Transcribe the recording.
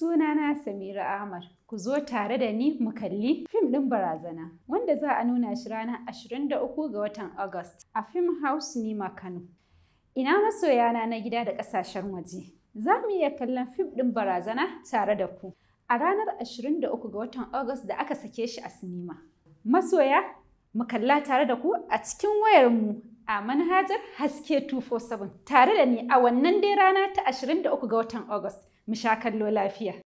Sunana Samira Ahmad. Ku zo tare da ni mu kalli fim ɗin barazana wanda za a nuna shi ranar 23 ga watan August a Film House Nima Kano. Ina masoya na gida da ƙasashen waje. Za mu iya kallon fim ɗin barazana tare da ku a ranar 23 ga watan August da aka sake shi a sinima. Masoya, mu kalla tare da ku a cikin wayarmu a manhajar haske 247 tare da ni a wannan dai rana ta 23 ga watan August. Mu sha kallo lafiya.